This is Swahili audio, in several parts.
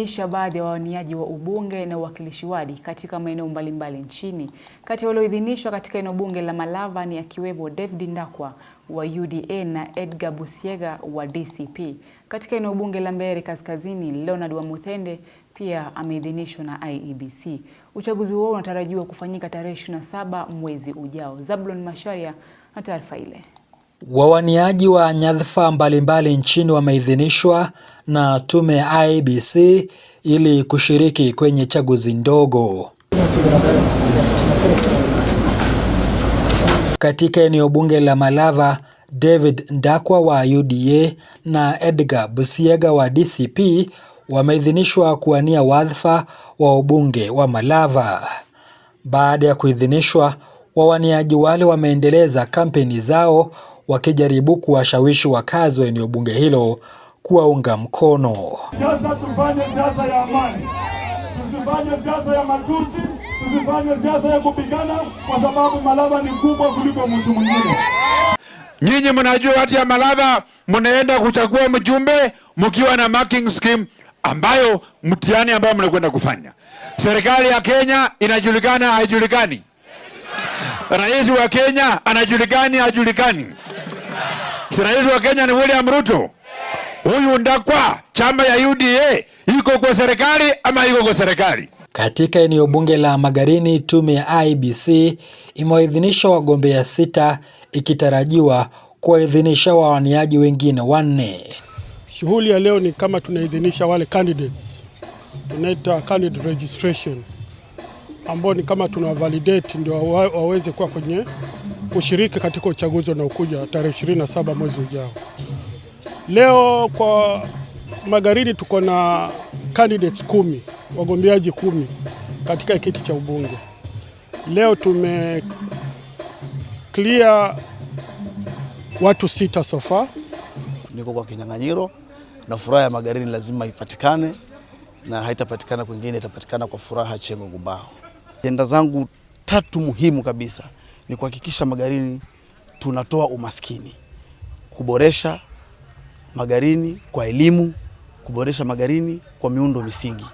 isha baadhi ya wawaniaji wa ubunge na uwakilishi wadi katika maeneo mbalimbali nchini. Kati ya walioidhinishwa katika eneo bunge la Malava ni akiwemo David Ndakwa wa UDA na Edgar Busiega wa DCP. Katika eneo bunge la Mbeere Kaskazini, Leonard Wamuthende pia ameidhinishwa na IEBC. Uchaguzi huo unatarajiwa kufanyika tarehe 27 mwezi ujao. Zablon masharia na taarifa ile. Wawaniaji wa nyadhifa mbalimbali nchini wameidhinishwa na tume ya IEBC ili kushiriki kwenye chaguzi ndogo. Katika eneo bunge la Malava, David Ndakwa wa UDA na Edgar Busiega wa DCP wameidhinishwa kuwania wadhifa wa ubunge wa Malava. Baada ya kuidhinishwa wawaniaji wale wameendeleza kampeni zao wakijaribu kuwashawishi wakazi wa eneo bunge hilo kuwaunga mkono. Sasa tufanye siasa ya amani, tusifanye siasa ya matusi, tusifanye siasa ya kupigana, kwa sababu Malava ni kubwa kuliko mtu mwingine. Nyinyi mnajua hati ya Malava, mnaenda kuchagua mjumbe mkiwa na marking scheme ambayo mtihani ambayo mnakwenda kufanya. Serikali ya Kenya inajulikana haijulikani, Rais wa Kenya anajulikani, hajulikani? Si rais wa Kenya ni William Ruto. Huyu ndakwa chama ya UDA iko kwa serikali ama iko kwa serikali? Katika eneo bunge la Magarini, tume ya IEBC imewaidhinisha wagombea sita ikitarajiwa kuwaidhinisha wawaniaji wengine wanne. Shughuli ya leo ni kama tunaidhinisha wale candidates, tunaita candidate registration ambao ni kama tuna validate ndio waweze kuwa kwenye kushiriki katika uchaguzi unaokuja tarehe 27 mwezi ujao. Leo kwa Magarini tuko na candidates kumi, wagombeaji kumi katika kiti cha ubunge. Leo tume clear watu sita so far. Niko kwa kinyang'anyiro na furaha ya Magarini lazima ipatikane na haitapatikana kwingine, itapatikana kwa furaha Chengo Ngumbao ajenda zangu tatu muhimu kabisa ni kuhakikisha Magarini tunatoa umaskini, kuboresha Magarini kwa elimu, kuboresha Magarini kwa miundo misingi.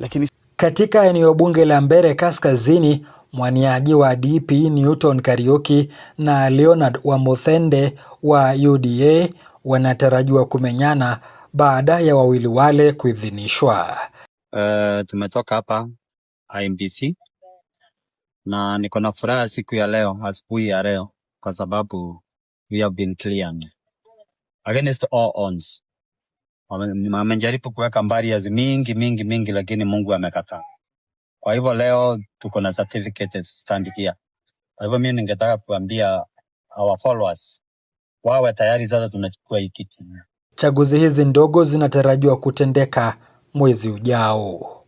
Lakini katika eneo bunge la Mbeere Kaskazini, mwaniaji wa DP Newton Kariuki na Leonard Wamuthende wa UDA wanatarajiwa kumenyana baada ya wawili wale kuidhinishwa. Uh, tumetoka hapa IMDC na niko na furaha siku ya leo, asubuhi ya leo, kwa sababu we have been clean against all odds. Wamejaribu kuweka ya mingi mingi mingi, lakini Mungu amekataa. Kwa hivyo leo tuko na certificate stand here. Kwa hivyo mimi ningetaka kuambia our followers wawe tayari sasa, tunachukua hii kiti. Chaguzi hizi ndogo zinatarajiwa kutendeka mwezi ujao.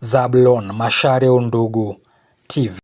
Zablon mashare Undugu TV.